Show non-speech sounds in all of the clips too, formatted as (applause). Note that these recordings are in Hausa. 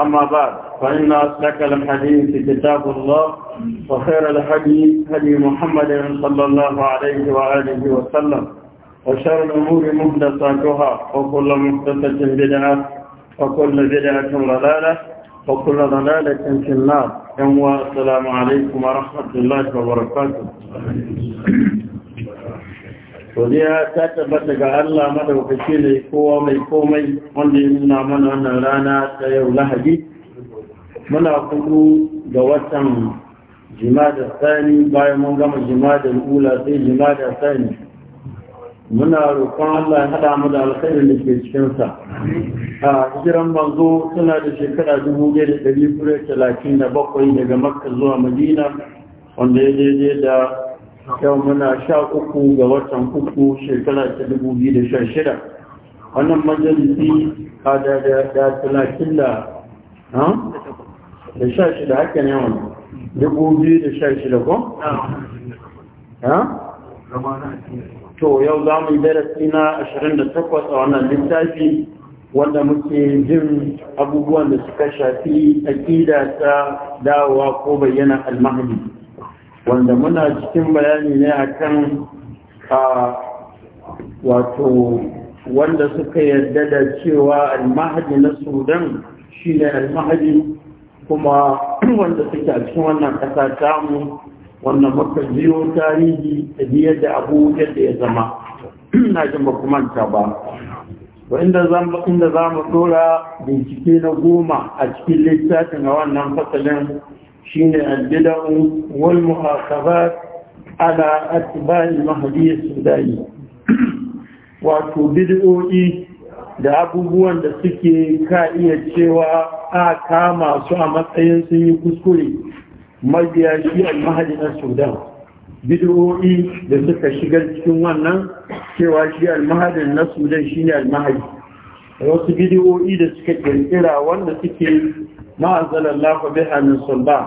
أما بعد فإن أصدق الحديث كتاب الله وخير الحديث هدي محمد صلى الله عليه وآله وسلم وشر الأمور محدثاتها وكل محدثة بدعة وكل بدعة ضلالة وكل ضلالة في النار السلام عليكم ورحمة الله وبركاته godiya ta tabbata ga Allah madaukaki ne kowa mai komai wanda ya nuna mana wannan rana ta yau lahadi muna kudu ga watan jimadar sani bayan mun gama jimadar ula sai jimadar sani muna roƙon Allah ya haɗa mu da alkhairin da ke cikinsa a jiran manzo suna da shekara dubu biyu da ɗari talatin da bakwai daga makka zuwa madina wanda ya daidai da yau muna sha uku ga watan uku shekara ta dubu biyu da sha shida wannan majalisi a da da talatin da da sha shida haka ne wani dubu biyu da sha shida ko? to yau za mu yi darasi na takwas a wannan littafi wanda muke jin abubuwan da suka shafi aƙida ta dawowa ko bayyana almahdi wanda muna cikin bayani ne akan a wato wanda suka yarda da cewa almahadi na sudan shine almahadi kuma (clears throat) wanda suke a cikin wannan kasa tamu wanda muka biyo tarihi da yadda abu yadda ya zama (clears throat) na jin ba ta ba inda za mu dora bincike na goma a cikin littafin a wannan fasalin shine albida'u wal ana ala atba'i mahdi sudai wato bid'o'i da abubuwan da suke ka iya cewa a kama su a matsayin sun yi kuskure mabiya shi a na sudan bid'o'i da suka shigar cikin wannan cewa shi a mahalin na sudan shine al-mahdi wasu bidiyoyi da suka kirkira wanda suke ma anzalallahu biha min sulba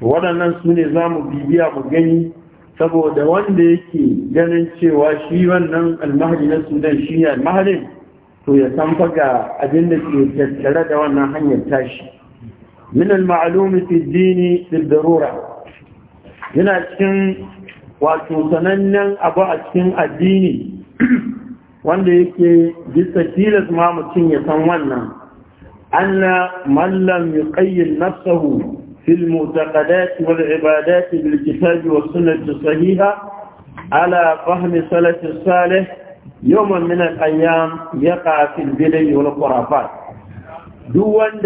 waɗannan su ne bibiya mu gani saboda wanda yake ganin cewa shi wannan almahadi na sudan shi ne almahadin to ya san ga abin da ke tattare da wannan hanyar tashi min al fi dini bil darura yana cikin wato sanannen abu a cikin addini (clears throat) wanda yake bisa tilas ma mutum ya san wannan أن من لم يقيد نفسه في المعتقدات والعبادات بالكتاب والسنة الصحيحة على فهم صلاه الصالح يوما من الأيام يقع في البلي والخرافات دون